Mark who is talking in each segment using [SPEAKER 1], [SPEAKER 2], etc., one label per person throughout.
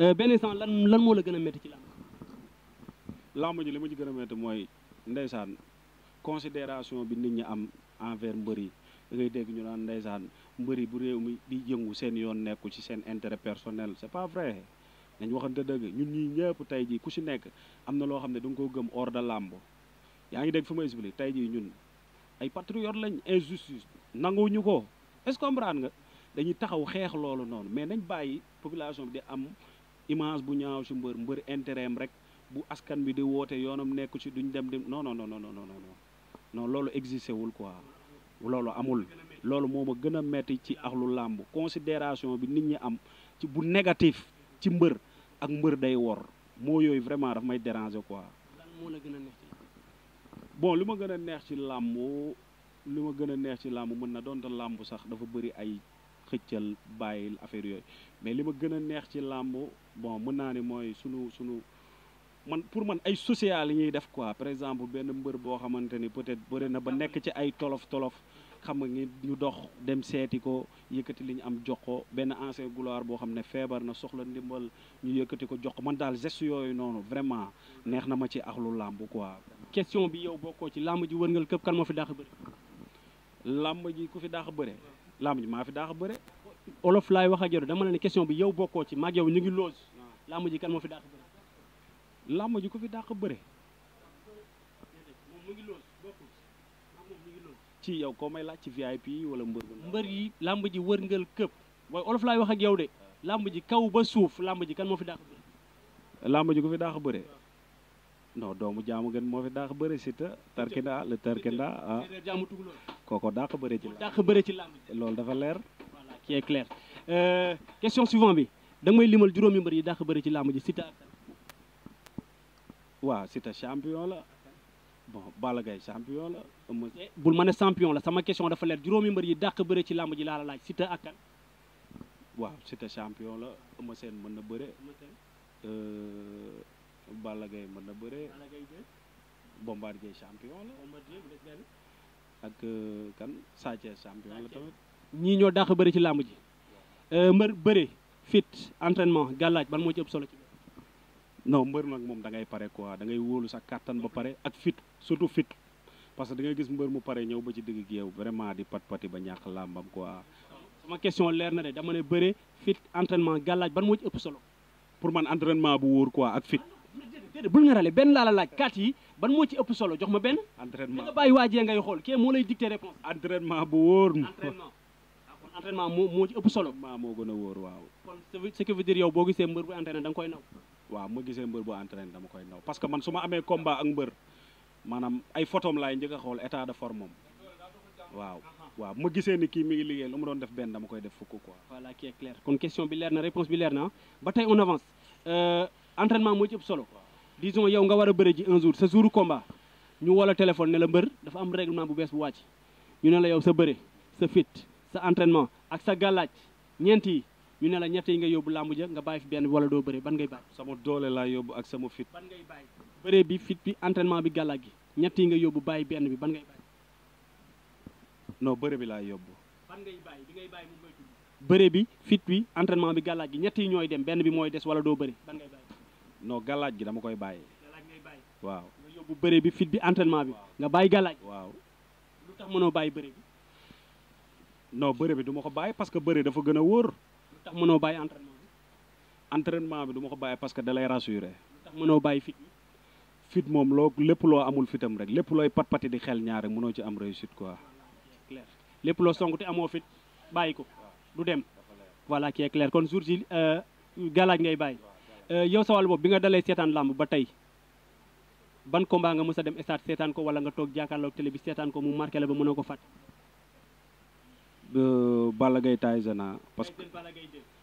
[SPEAKER 1] Euh, benn instant lan lan moo la gën a métti ci làmb làmb ji li ma ci gën a métti mooy ndeysaan considération bi nit ñi am envers mbër yi da ngay dégg ñu naan ndeysaan mbër yi bu réew mi di yëngu seen yoon nekku ci seen intérêt personnel c'est pas vrai dañ waxante dëgg ñun ñii ñëpp tey jii ku si nekk am na loo xam ne da nga koo gëm hors de làmb yaa ngi dégg fu ma expliqué tey jii ñun ay patriotes lañ injustice nanguwuñu ko est-ce que comprendre nga dañuy taxaw xeex loolu noonu mais nañ bàyyi population bi di am image bu ñaaw ci mbër mbër intérêt am rek bu askan bi di woote yoonam nekku ci duñ dem di non non non non non loolu existé wul quoi loolu amul loolu moo ma gën a metti ci axlu làmb considération bi nit ñi am ci bu négatif ci mbër ak mbër day wor moo yooyu vraiment daf may déranger quoi. moo la gën a neex ci bon li ma gën a neex ci làmb li ma gën a neex ci làmb mën na doonte làmb sax dafa bëri ay. xëccal bàyyil affaire yooyu mais li ma gën a neex ci làmb bon mën naa ne mooy sunu sunu man pour man ay social yi ñuy def quoi par exemple benn mbër boo xamante ni peut-être bëri na ba nekk ci ay tolof tolof xam nga ñu dox dem seeti ko yëkkati li ñu am jox ko benn ancien gloire boo xam ne feebar na soxla ndimbal ñu yëkkati ko jox ko man daal geste yooyu noonu vraiment neex na ma ci axlu làmb quoi. question bi yow bokkoo ci làmb ji wërngal këpp kan moo fi dàq bëri. lamb ji maa fi daax bëre olof laay wax ak dama la ne question bi yow bokkoo ci maag yow ñu ngi loose lamb ji kan moo fi daax a bëre lamb ji ko fi daax a bëre yow koo may laaj ci VIP wala mbër mbër yi làmb ji wërngal këpp waaye olof laay wax ak yow de lamb ji kaw ba suuf làmb ji kan moo fi daax bëre lamb ji ku fi daax bëre non doomu jaamu gën moo fi dàq bëre le tarkinda ah. kooko dàq ci dàq bëre ci lambi loolu dafa leer voilà qui est clair euh, question suivante bi da limal juróomi mbër yi dàq bëre ci lambi ji ta waaw si ta champion là bon Balla gay champion la eh, bul ma champion sama question dafa leer juróomi mbër yi dàq bëre ci la ta champion la balagay Gaye mën na bëre. Bombardier champion la. ak eh, kan Sa champion la tamit. ñi ñoo dàq bëri ci lamb ji. Eh, fit entraînement galaj ban mo ci ëpp solo ci. non mbër nak mom da ngay paré quoi da ngay wolu sa carton ba paré ak fit surtout fit parce que da ngay gis mbër mu paré ñew ba ci gi yow vraiment di pat pati ba ñàkk làmbam quoi. sama question leer na dé dama ne bëre fit entraînement galaj ban mo ci ëpp solo. pour man entraînement bu wóor quoi ak fit. déedéet bul nga benn laa la laaj kat yi ban moo ci ëpp solo jox ma benn. entraînement nga bàyyi waajee ngay xool kii moo lay dicté bu wóor. entraînement ah, moo ci ëpp solo. maa moo gën a woor waaw. kon ce que veut boo gisee mbër bu entraîné da koy naw. waaw ma gisee mbër bu entraîné dama koy naw parce que man su ma amee combat ak mbër maanaam ay photom laay njëkk a xool état de forme moom waaw. waaw ma gisee ni kii mi ngi liggéey lu mu doon def benn dama koy def fukk quoi. voilà qui est clair kon question bi leer na réponse bi leer na ba tey on avance. Euh, entraînement mooy ci solo disons yow nga war a bëre ji un jour sa jour combat ñu woo la ne la mbër dafa am règlement bu bees bu wàcc ñu ne la yow sa bëre sa fit sa entraînement ak sa gàllaaj ñeent yi ñu ne la ñett yi nga yóbbu làmbu ja nga bàyyi fi benn bi wala doo bëre ban ngay bàyyi. sama doole laa yóbbu ak sama fit. ban ngay bàyyi bëre bi fit bi entraînement bi gàllaaj gi ñett yi nga yóbbu bàyyi benn bi ban ngay bàyyi. bi laa yóbbu. ban ngay bàyyi bi ngay bàyyi bëre bi fit bi entraînement bi gàllaaj gi ñett yi ñooy dem benn bi mooy des wala doo bëre ban ngay non galaaj gi dama koy bàyyi. galaaj ngay waaw nga yóbbu bëre bi fit bi entraînement bi. nga bàyyi galaaj. waaw lu tax mënoo bàyyi bëre bi. non bi du ma ko bàyyi parce que bëre dafa gën a wóor. lu tax mënoo bàyyi entraînement bi. entraînement bi du ko bàyyi parce que dalay lay rassuré. lu tax mënoo bàyyi fit fit moom loo lépp loo amul fitam rek lépp looy pat pati di xel ñaar mënoo ci am réussite quoi. lépp loo song te amoo fit bàyyi ko. du dem voilà qui est kon jour ji euh, galaaj ngay bàyyi. Eh, yow sa wàllu bopp bi nga dalee seetaan làmb ba tey ban combat nga mës a dem stade seetaan ko wala nga toog jàkkaarloog télé bi seetaan ko mu marqué la ba mënoo ko fàtte. Euh, Balla Gaye Tyson ah, parce que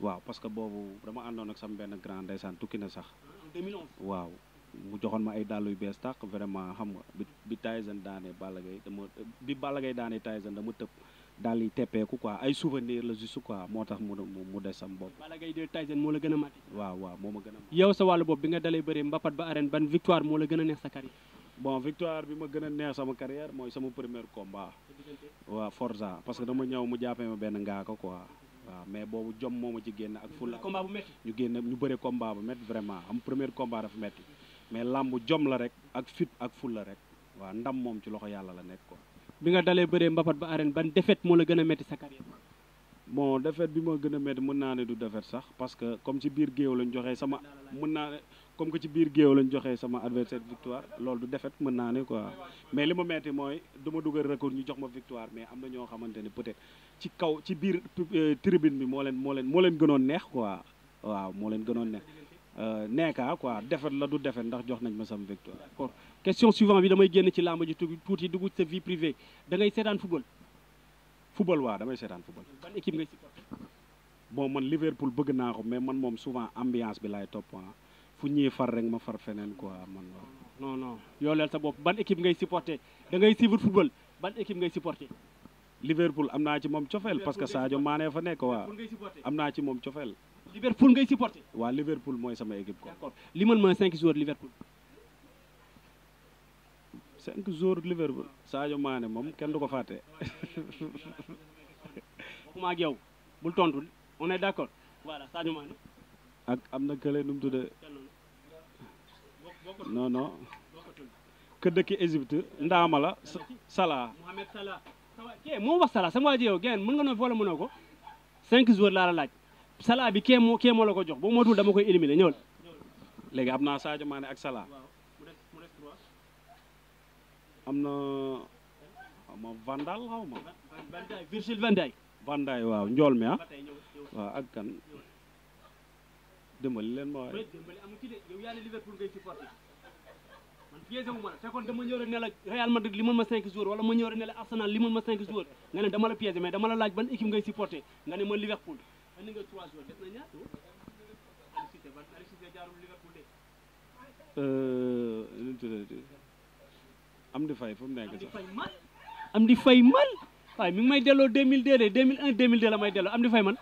[SPEAKER 1] waaw parce que boobu dama àndoon ak sama benn grand ndeysaan tukki na sax. Ah, waaw mu joxoon ma ay dàll yu bees tàq vraiment xam nga bi bi Tyson daanee Balla Gaye dama bi Balla Gaye daanee Tyson dama tëb. daal di teppeeku quoi ay souvenir la juste quoi motax tax mu mu des sam bopp bala gay de Tyson mo la gëna mat mati waaw waaw moo ma gën yow sa walu bopp bi nga dalé bëree mbapat ba arène ban victoire mo la gëna neex sa carrière bon victoire bi ma gëna neex sama carrière moy sama premier combat waaw Forza parce que dama ñëw mu jàppee ma ben nga ko quoi waaw mais bobu jom moma ci génn ak fulla combat bu metti ñu génn ñu bëre combat bu metti vraiment am premier combat dafa metti mais lamb jom la rek ak fit ak fulla rek waaw ndam mom ci loxo yalla la nekk quoi bi nga dalé béré mbapat ba arène ban défaite mo la gëna metti sa carrière bon défaite bi mo gëna metti mën na né du défaite sax parce que comme ci biir géew lañ joxé sama mën na comme que ci biir géew lañ joxé sama adversaire victoire lool du défaite mën na né quoi mais li metti moy duma duggal record ñu jox ma victoire mais amna na ñoo xamante peut-être ci kaw ci biir euh, tribune bi mo leen mo leen mo leen gënon neex quoi waaw mo leen gënon neex Euh, neekaa quoi defet la du defet ndax jox nañ ma sam victoire d'accord question suivante bi damay génn ci làmb ji tuuti dugg sa vie privée da ngay seetaan football football waaw damay seetaan football ban équipe ngay supporter bon man Liverpool bëgg naa ko mais man moom souvent ambiance bi top topp ah. fu ñuy far rek ma far feneen quoi man non non yooleel sa bopp ban équipe ngay supporter da ngay suivre football ban équipe ngay supporter Liverpool amna ci mom cofeel parce que sa Sadio Mané fa nek wa amna ci mom cofeel Liverpool ngay supporter. waaw Liverpool mooy sama équipe quoi. li mën mooy cinq joueurs Liverpool. cinq joueurs Liverpool Sadio moom kenn du ko fàtte. waxuma ak yow bul am na kële nu mu tuddee non non. dëkk Égypte ndaama la Salah. Mohamed Salah. moo wax Salah sama waa yow gën mën nga noo wala mënoo ko cinq joueurs laa la laaj. Salah bi kee moo kee moo la ko jox boo motul dama koy éliminer ñëwal léegi am naa Sadio maane ak Salah am na ma Vandal xaw ma Virgil waaw njool mi ah waaw ak kan dimbali leen ma waaye man piégé wu ma la fekkoon dama ñëw rek ne li mën ma 5 jours wala ma ñëw rek la Arsenal li mën ma 5 jours nga ne dama la piégé mais dama la laaj ban équipe ngay supporté nga ne ma Liverpool indi nga trois na ñaata Aliou Cissé ban Aliou am di fay fu mu nekk am di fay man waaye mi may delloo deux mille deux de deux mille deux mille deux la may delloo am di fay man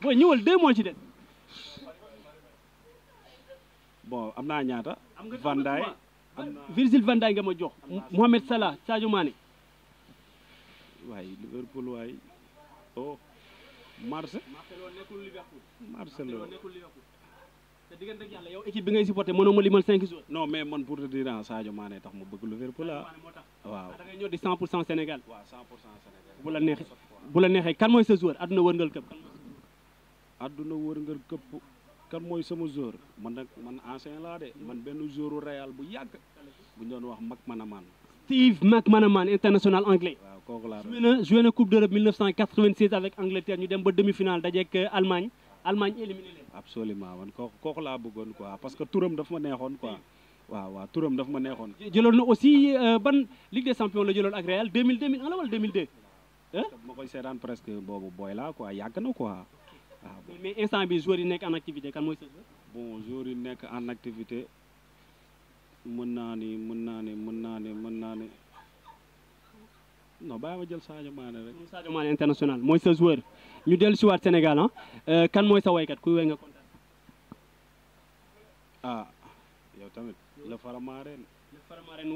[SPEAKER 1] boo ñëwal deux moo ci des. bon am naa ñaata. Van am Virgil Van nga ma jox. Mohamed Salah Sadio Mané. waaye Liverpool waaye oh. Marcelo nekkul Liverpool. Marcelo nekkul Liverpool. te yàlla yow équipe bi ngay supporté mënoo ma limal 5 jours. non mais man pour te dire ah Sadio Mané tax ma bëgg Liverpool ah. waaw a waaw bu la neexee kan mooy sa joueur àdduna wërngal këpp. àdduna wërngal këpp kan mooy sama joueur man nag man ancien laa de man benn joueur Real bu yàgg bu ñu doon wax mag man a man Steve McManaman international anglais joué na joué coupe d'Europe 1996 avec Angleterre ñu dem ba demi-finale dajeek euh, Allemagne Allemagne éliminé absolument c'est kooku que je quoi parce que tout le monde ma neexoon quoi waaw waaw turam dafa ma neexoon jëloon na aussi euh, ban Ligue des champions je jëloon ak Real 2000 2002 Je koy seetaan presque un booy laa quoi yàgg na quoi waaw mais instant bi joueur yi nekk en activité kan mooy sa bon joueurs yi en activité mën naa ni mën naa ne mën naa ne mën naa ne non bàyyi ma jël Sadio Mané rek. international mooy sa joueur ñu dellu si waat Sénégal ah euh, kan mooy sa waykat kuy way nga kontaan. ah yow tamit. le Faramareen. le Faramareen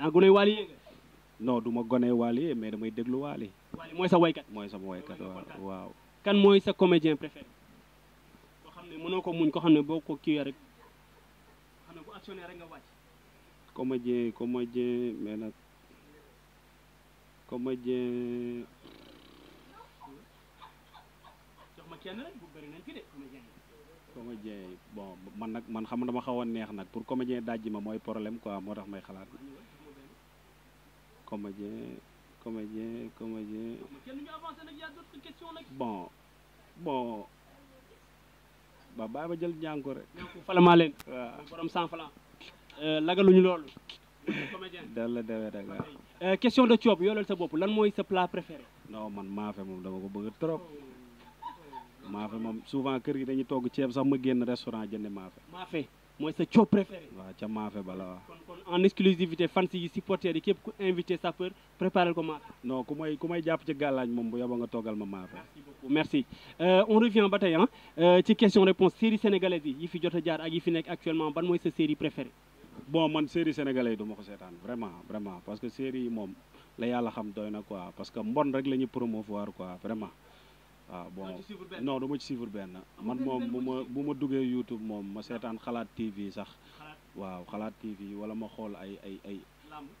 [SPEAKER 2] ah gone Waliye.
[SPEAKER 1] non du ma gone Waliye mais damay déglu Wali. Wali mooy sa waykat. mooy sa waykat waaw waaw. kan mooy sa comédien préféré. koo xam ne mënoo ko muñ koo xam ne boo ko kii rek. actionné rek nga wàcc. comédien comédien mais nag comédien. jox ma kenn bu bëri nañ fi bon man nag man xam na ma a neex nag pour comédien dajji ma mooy problème quoi moo tax may xalaat. comédien comédien comédien. bon bon. waaw bàyyi ba jël jànko rek. falamaa leen. waaw borom 100 francs. Euh, lagaluñu loolu. dal la demee rek waaw. question de coob yoolal sa bopp lan mooy sa plat préféré. non man maafe moom dama ko bëgg trop. maafe moom souvent kër gi dañuy togg ceeb sax ma génn restaurant jënd maafe. maafe. C'est sa coow préféré. waaw ca maafe bala en exclusivité fans yi supporters yi képp ku invité sapeur préparé préparer comment. non ku may ku may jàpp ci gàllaaj mom bu yaboo nga togal ma merci beaucoup merci euh, on revient en hein. Euh, ci question réponse série sénégalaise yi yi fi jot a ak yi fi nek actuellement ban moy sa série préférée. bon man série sénégalaise, yi ko sétane vraiment vraiment parce que série mom la yalla xam doyna na quoi parce que mbon rek lañu promouvoir quoi vraiment. waaw ah, bon non dama ci suivre benn man moom bu ma bu ma duggee YouTube moom ma seetaan xalaat TV sax waaw xalaat TV wala ma xool ay ay ay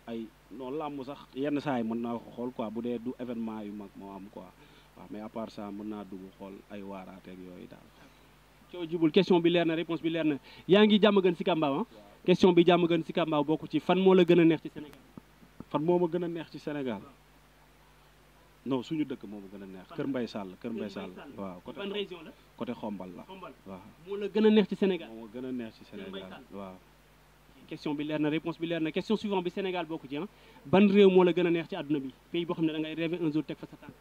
[SPEAKER 1] ay non làmb sax yenn saa yi mën naa ko xool quoi bu dee du événement yu mag moo am quoi waaw mais à part mën naa dugg xool ay waaraateeg yooyu daal coow jubul question bi leer na réponse bi leer na yaa ngi jàmm gën si Kambaaw ah? question bi jàmm gën si Kambaaw bokk ci fan moo la gën a neex ci Sénégal fan moo ma gën a neex ci Sénégal non suñu dëkk moom gëna neex Kër Mbay Sall Kër Mbay Sall waaw côté ban région la côté Xombal la waaw Mo la gëna neex ci Sénégal Mo gëna neex ci Sénégal waaw question bi leer na réponse bi leer na question suivante bi Sénégal bokku ci ah ban réew mo la gëna neex ci aduna bi pays bo xamné da ngay rêver un jour teg fa sa tànk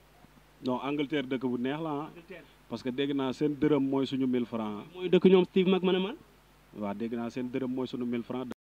[SPEAKER 1] non Angleterre dëkk bu neex la ah parce que dégg naa seen dërëm mooy suñu 1000 francs mooy dëkk ñoom Steve Mac man waaw dégg naa seen dërëm mooy suñu 1000 francs